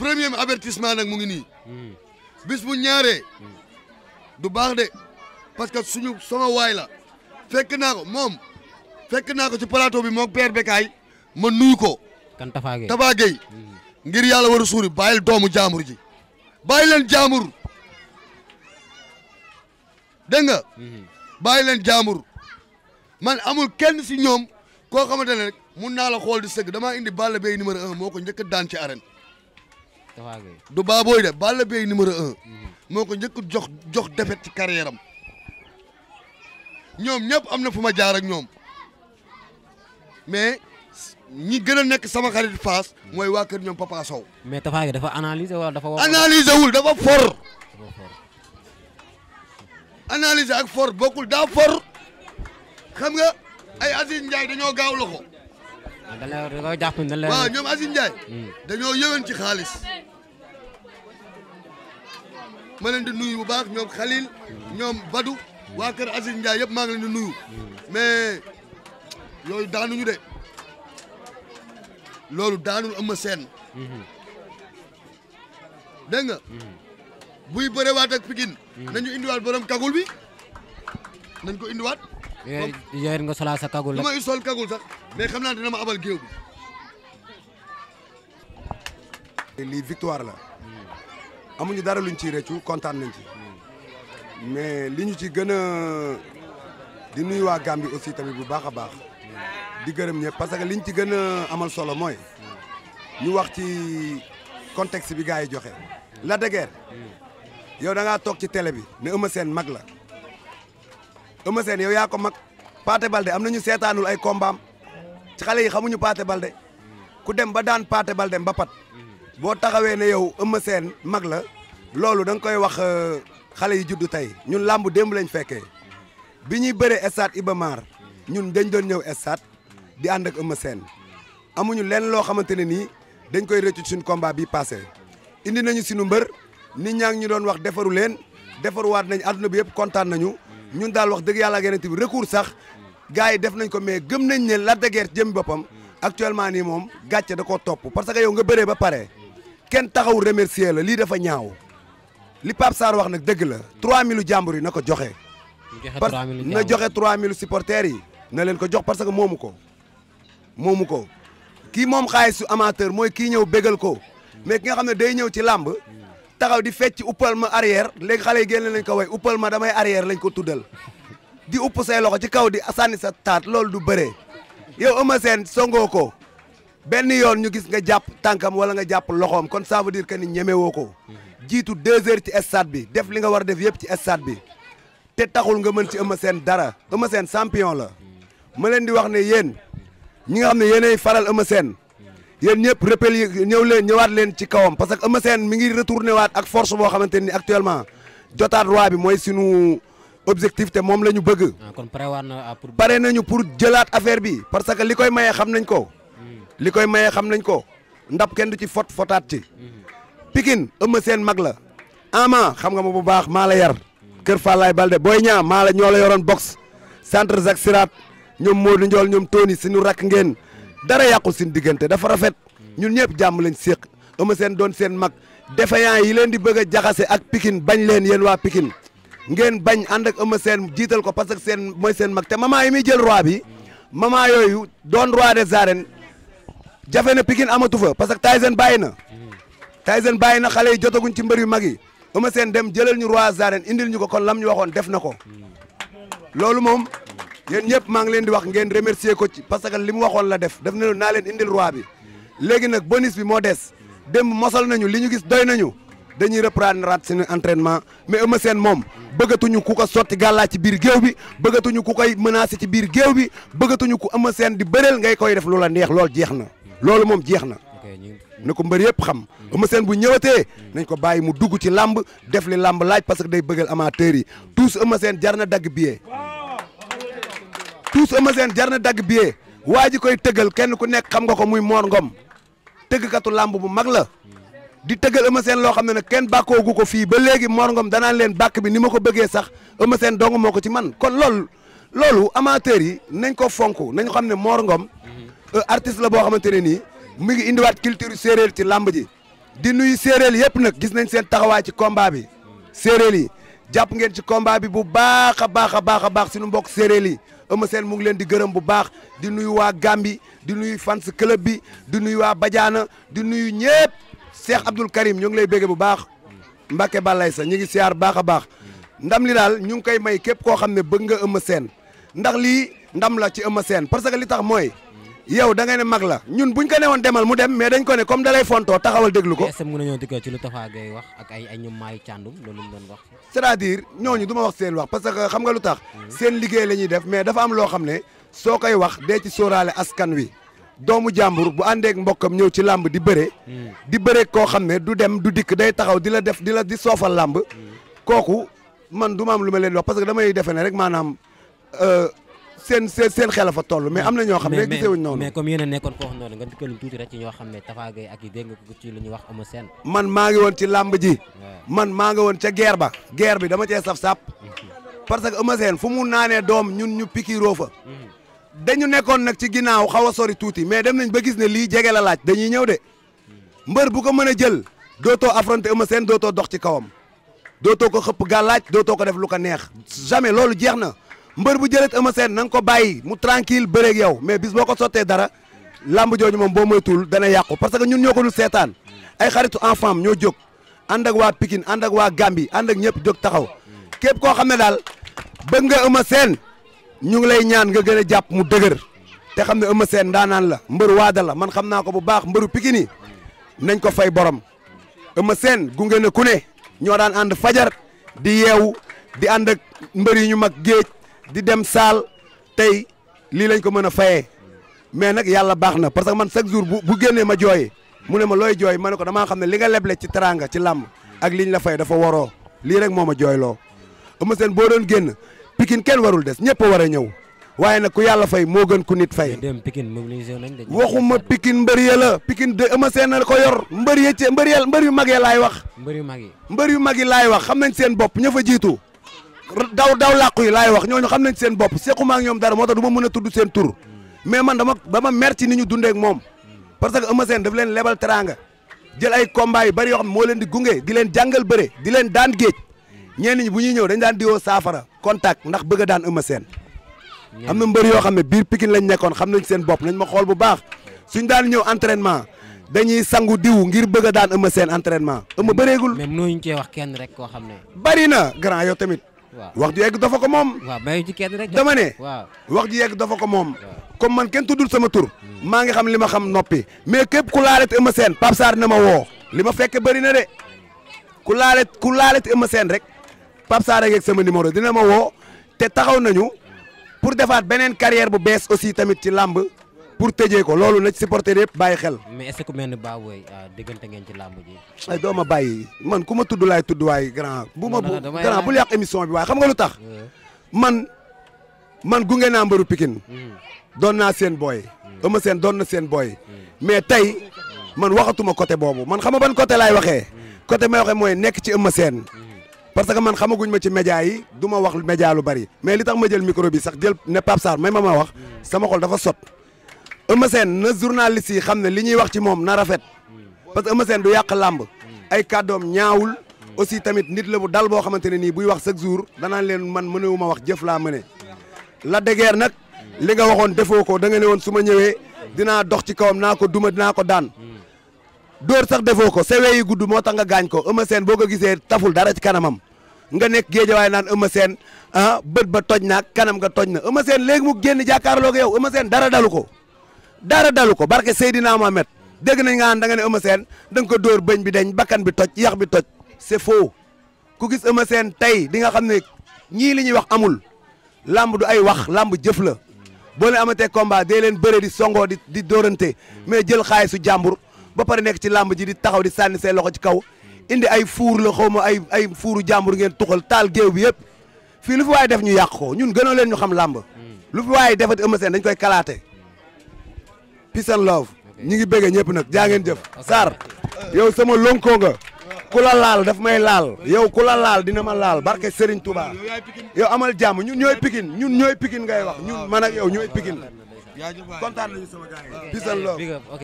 premier avertissement nag mu ngi nii. Hmm. bis mu ñaaree. Hmm. du baax de parce que suñu sama waay la fekk naa ko moom fekk naa ko ci plateau bi moo père Bekaay ma nuyu ko. kan Tafa hmm. ngir yàlla war a suuri bàyyil doomu jaamur ji bàyyi leen jaamur dégg nga. bàyyi leen jaamur man amul kenn si ñoom koo xamante ne rek mun naa la xool di sëgg damaa indi Balla Gaye numéro un moo ko njëkk daan ci arène. du baabooy de Balla Gaye numéro un mhm. moo ko njëkk jox jox defet ci carrière ñoom ñëpp am na fu ma jaar ak ñoom mais ñi gën a nekk sama xarit Fass mooy waa kër ñoom Papa Sow. mais Tapha dafa analyser wala dafa. analyser wul dafa for. analyser ak for bokkul daa for xam nga ay Aziz Ndiaye dañoo gaaw loxo. waaw ah, dañoo jàpp waaw ñoom Aziz Ndiaye. Mm. dañoo yëwen ci xaalis. ma leen di nuyu bu baax ñoom Khalil ñoom Badou waa kër Aziz Ndiaye yëpp maa ngi leen di nuyu mais yooyu daanuñu de loolu daanu Eumeu Sène dégg nga buy bërewaat ak Pikine nañu indiwaat borom kagul bi nañ ko indiwaat eh, yooyu nga solaa sa kagul la ma sol kagul sax mais xam naa dina ma abal géew bi lii victoire la amuñu dara luñ ciy rëccu kontaan nañ ci mais li ñu ci gën a di nuyu waa Gambie aussi tamit bu baax a baax di gërëm ñëpp parce que liñ ci gën a amal solo mooy ñu wax ci contexte bi gars yi joxe. la dëgër yow da ngaa toog ci télé bi ne Eumeu Sène mag la Eumeu Sène yow yaa ko mag Pathé Baldé am na ñu seetaanul ay kombaam ci xale yi xamuñu Pathé Baldé ku dem ba daan Pathé Baldé mbapat. boo taxawee ne yow Eumeu Sène mag la loolu da nga koy wax euh, xale yi juddu tey ñun làmb démb lañ fekkee bi ñuy bëree stade Iba Mar ñun dañ doon ñëw stade di ànd ak Eumeu Sène amuñu leen loo xamante ne nii dañ koy rëccu suñu combat bi passé indi nañu suñu mbër nit ñaa ngi ñu doon wax defaru leen defaruwaat nañ àdduna bi yëpp kontaan nañu ñun daal wax dëgg yàlla ak yeneen bi recours sax gars yi def nañ ko mais gëm nañ ne la de guerre jëm boppam actuellement nii moom gàcce da koo topp parce que yow nga bëree ba pare. kenn taxaw remercier la lii dafa ñaaw li Pape Sarr wax nag dëgg la 3000 jàmbur yi na ko joxe. na joxe 3000 supporters yi na leen ko jox parce que moomu ko moomu ko kii moom xaalisu amateur mooy kii ñëw bégal ko mais ki nga xam ne day ñëw ci làmb taxaw di fecc uppal ma arrière léegi xale yi génn lañ ko way uppal ma damay arrière lañ ko tuddal di upp say loxo ci kaw di sànni sa taat loolu du bëre yow Eumeu Sène songoo ko benn yoon ñu gis nga jàpp tànkam wala nga jàpp loxoom kon ça veut que ni ñemewoo ko jiitu deux heures ci estade bi def li nga war a def yëpp ci estade bi te taxul nga mën ci Eumeu Sène dara Eumeu Sène champion la ma leen di wax ne yéen ñi nga xam ne yéenay faral Eumeu Sène yéen ñëpp rappel ñëw leen ñëwaat leen ci kawam parce que Eumeu Sène mi ngi retourné waat ak force boo xamante ni actuellement jotaat roi bi mooy sunu objectif te moom la ñu bëgg. Ah, kon pare nañu ah, pour. pare nañu pour jëlaat affaire bi parce que li koy maye xam nañ ko. li koy maye xam nañ ko ndab kenn du ci fot fotaat ci Pikine Eumeu Sène mag la ama xam nga ma bu baax maa la yar Kër Fallaye Balde booy Niang maa la ñoo la yoroon box centre Zac Sirat ñoom Modou Ndiol ñoom Tony suñu rak ngeen dara yàqul suñu diggante dafa rafet ñun ñëpp jàmm lañ séq Eumeu seen doon seen mag défaillant yi leen di bëgg a jaxase ak Pikine bañ leen yéen waa pikin ngeen bañ ànd ak Eumeu jiital ko parce que seen mooy seen mag te maman yi muy jël roi bi jafe na Pikine amatu fa parce que Tyson bàyyi na Tyson bàyyi na xale yi jotaguñ ci mbër yu mag yi Eumeu Sène dem jëlal ñu roi arène indil ñu ko kon lam ñu waxoon def na ko loolu moom yéen ñëpp maa ngi leen di wax ngeen remercier ko ci parce que li mu waxoon la def def na naa leen indil roi bi léegi nag bonus bi moo des démb mosal nañu li ñu gis doy nañu dañuy reprendre rat seen entraînement mais Eumeu Sène moom bëggatuñu ku ko sotti gàllaa ci biir géew bi bëggatuñu ku koy menacer ci biir géew bi bëggatuñu ku Eumeu Sène di bëreel ngay koy def lu neex lool jeex na loolu moom jeex na na ko mbër yëpp xam Eumeu mm. Sène bu ñëwatee nañ ko bàyyi mu dugg ci làmb def li làmb laaj parce que day bëggal amateurs yi tous Eumeu Sène jar na dagg billet tous Eumeu Sène jar na dagg bi waa ji koy tëggal kenn ku nekk xam nga ko muy moor Ngom tëggkatu làmb bu mag la di tëggal Eumeu Sène loo xam ne nag kenn bàkkoogu ko fii ba léegi Mor Ngom danaan leen bàkk bi ni ma ko bëggee sax Eumeu Sène dong moo ko ci man kon loolu loolu amateurs yi nañ ko fonk nañ xam ne Mor Euh, artiste la boo xamante ne nii mu ngi indiwaat culture séeréer ci làmb ji di nuyu séeréel yëpp nag gis nañ seen taxawaay ci combat bi séeréer yi jàpp ngeen ci combat bi bu baax a baax a baax a baax suñu mbokk séeréer yi Eumeu Sène mu ngi leen di gërëm bu baax di nuyu waa Gambie di nuyu fans club bi di nuyu waa Badiana di nuyu ñëpp Cheikh Abdoul Karim ñoo ngi lay bégge bu baax Mbacke Balaye sa ñu ngi siyaar baax a baax ndam li daal ñu ngi koy may képp koo xam ne bëgg nga Eumeu Sène ndax lii ndam la ci Eumeu Sène parce que li tax mooy yow da nga ne mag la ñun buñ ko ne woon demal mu dem mais dañ ko ne comme dalay fontoo taxawal déglu ko est-ce que mën nañoo dikkee ci lu Tafa Gueye wax ak ñu doon wax c'est-à-dire ñooñu du ma wax seen wax parce que xam nga lu tax hmm. seen liggéey la ñuy def mais dafa am loo xam ne soo koy wax dee ci sóoraale askan wi doomu jàmbur bu àndeek mbokkam ñëw ci làmb di bëre hmm. di bëre koo xam ne du dem du dikk day taxaw di la def di la di soofal làmb hmm. kooku man du ma am lu ma leen wax parce que damay defe ne rek maanaam euh, seen seen seen xel fa toll mais am na ñoo xam ne gisewuñ noonu mais comme yéen nekkoon foofu noonu nga dikkaluñ tuuti rek ci ñoo xam ne Tapha Gueye ak yi dégg nga ko ci lu ñuy wax amu seen man maa ngi woon ci làmb ji man maa ngi ca guerre ba guerre bi dama cee saf-sap mhm. parce que ama seen fu mu naanee doom ñun ñu pikiroo fa mhm. dañu nekkoon nag ci ginnaaw xaw a sori tuuti mais dem nañ ba gis ne lii jege la laaj dañuy ñëw de mhm. mbër bu ko mën a jël dootoo affronter ama seen dootoo dox ci kawam dootoo ko xëpp gàllaaj dootoo ko def lu ko neex jamais loolu jeex na mbër bu jëlet Eumeu Sène na nga ko bàyyi mu tranquille bëreeg yow mais bis ko sottee dara lamb jooju moom boo moytuwul dana yàqu parce que ñun ñoo ko dul seetaan ay xaritu enfant ñoo jog ànd ak waa pikin ànd ak waa Gambie ànd ak ñëpp jog taxaw képp koo xam ne daal bëgg nga Eumeu Sène ñu ngi lay ñaan nga gën a jàpp mu dëgër te xam ne Eumeu Sène daanaan la mbër waada la man xam naa ko bu baax mbëru Pikine yi nañ ko fay borom Eumeu Sène gunge na ku ne ñoo daan ànd fajar di yeewu di ànd ak mbër yi ñu mag géej di dem saal tey lii lañ ko mën a fayee mais nag yàlla baax na parce que man chaque jour bu bu génnee ma jooy mu ne ma looy jooy ma ne ko damaa xam ne li nga leble ci teraanga ci làmb ak liñ la fay dafa waroo lii rek moom a jooy jooyloo ama seen boo doon génn Pikine kenn warul des ñëpp war a ñëw waaye nag ku yàlla fay moo gën ku nit fay. waxuma Pikine mbër ya la pikin de ama seen na ko yor mbër ya ci mbër yu mag ya laay wax. mbër yu mag yi mbër yu mag yi laay wax xam nañ seen bopp ña fa jiitu. daw daw làqu yi laay wax ñooñu xam nañ seen bopp sequma ak ñoom dara moo tax du ma mën a tudd seen tur mais man dama dama mer ci ni ñu dundee ak moom parce que Eumeu Sène daf leen lebal teraanga jël ay combat yu bari yoo xam ne moo leen di gunge di leen jàngal bëre di leen daan géej ñenn ñi bu ñuy ñëw dañ daan diwoo saafara contact ndax bëgg a daan Eumeu seen am na mbër yoo xam ne biir Pikine lañ nekkoon xam nañ seen bopp nañ ma xool bu baax suñ daan ñëw entraînement dañuy sangu diw ngir bëgg a daan Eumeu Sène entraînement Eumeu bëreegul. mais mënuñu cee wax kenn rek koo xam ne. bari na grand yow tamit. wax ju yegg dafa ko moom. waaw mayu ci kenn rek. dama ne. wax ju yeg dafa ko moom. comme man kenn tuddul sama tur. Hmm. maa ngi xam li ma xam noppi. mais képp ku laalet Eumeu Sène Pape Sarr na ma woo. li ma fekk bëri na de ku laalet ku laalet Eumeu Sène rek Pape Sarr rek sama numéro dina ma woo te taxaw nañu pour defaat beneen carrière bu bees aussi tamit ci làmb pour tëjee ko loolu na ci supporter yëpp bàyyi xel. mais est-ce que ku mel ni Baboye euh, diggante ngeen ci làmb ji. ay doo bàyyi man ku ma tudd laay tudd waay grand. bu ma grand bul yàq émission bi waaye xam nga lu tax. Euh. man man gunge naa mbaru Pikine. Hmm. doon naa seen booy. Hmm. ëmma seen doon na seen booy. Hmm. mais tey man waxatuma côté boobu man xam nga ban côté laay waxee. côté may waxee mooy nekk ci ëmma seen. parce que man xamaguñ ma ci média yi du ma wax média lu bari mais li tax ma jël micro sax jël ne Pape Sarr may ma ma wax sama xol dafa sot. Eumeu Sène na journaliste yi xam ne li ñuy wax ci moom na rafet parce que Eumeu Sène du yàq làmb ay kàddoom ñaawul aussi tamit nit la bu dal boo xamante ne nii buy wax chaque jour danaan leen man mënewuma wax jëf laa mëne la degeer nag li nga waxoon defoo ko da nga ne su ma ñëwee dina dox ci kawam naa ko duma dinaa ko daan dóor sax defoo ko se yi gudd moo tax nga gaañ ko Eumeu Sène boo ko gisee taful dara ci kanamam nga nekk géejawaay naan Eumeu Sène ah bët ba toj naa kanam nga toj na Eumeu Sène léegi mu génn jàkkaarloo ak yow Eumeu Sène dara dalu ko dara dalu ko barke Seydina Mohamed dégg nañ nga da nga ne Eumeu Sène da nga ko dóor bëñ bi deñ bakkan bi toj yax bi toj c'est faux ku gis Eumeu Sène tey di nga xam ne ñii li ñuy wax amul làmb du ay wax làmb jëf la boo leen te combat dee leen bëre di songo di di dóorante mais jël xaalisu jàmbur ba pare nekk ci làmb ji di taxaw di sànni say loxo ci kaw indi ay fuur la xaw ma ay ay fuuru jàmbur ngeen tuxal taal géew bi yëpp fii lu fi waaye def ñu yàq ko ñun gënoo leen ñu xam lamb lu fi waaye defati Eumeu Sène dañ koy kalaate peace and love ñi ngi bëgg ñëpp nag jaa ngeen jëf Sarr yow sama lonko nga ku la laal daf may laal yow ku la laal dina ma laal barke Serigne Touba yow amal jàmm ñun ñooy pikin ñun ñooy pikin ngay wax ñun man ak ñooy pikin kontaan nañu sama gars yi peace and love